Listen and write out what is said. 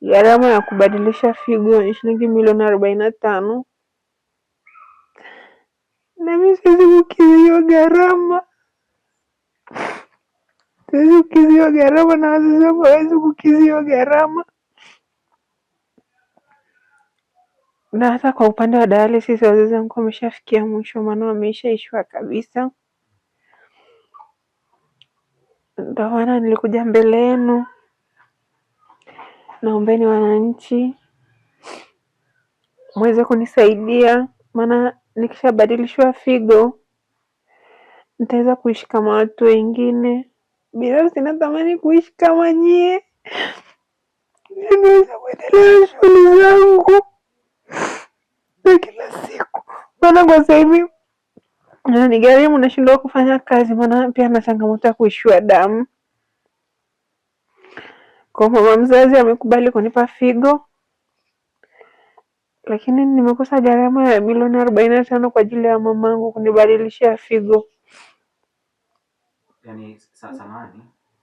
Gharama ya kubadilisha figo ni shilingi milioni arobaini na tano. na mi siwezi kukidhi hiyo gharama, siwezi kukidhi hiyo gharama, na wazazi wangu hawawezi kukidhi hiyo gharama. Na hata kwa upande wa dialysis wazazi wangu wameshafikia mwisho, maana wameishaishwa kabisa. ndo maana nilikuja mbele yenu naombeni wananchi mweze kunisaidia, maana nikishabadilishwa figo nitaweza kuishi kama watu wengine. Binafsi natamani kuishi kama nyie, niweze kuendelea shughuli zangu za kila siku, maana kwa sasa hivi nanigharimu, nashindwa kufanya kazi, maana pia na changamoto ya kuishiwa damu kwa mama mzazi amekubali kunipa figo, lakini nimekosa gharama ya milioni arobaini na tano kwa ajili ya mamangu kunibadilishia figo yani,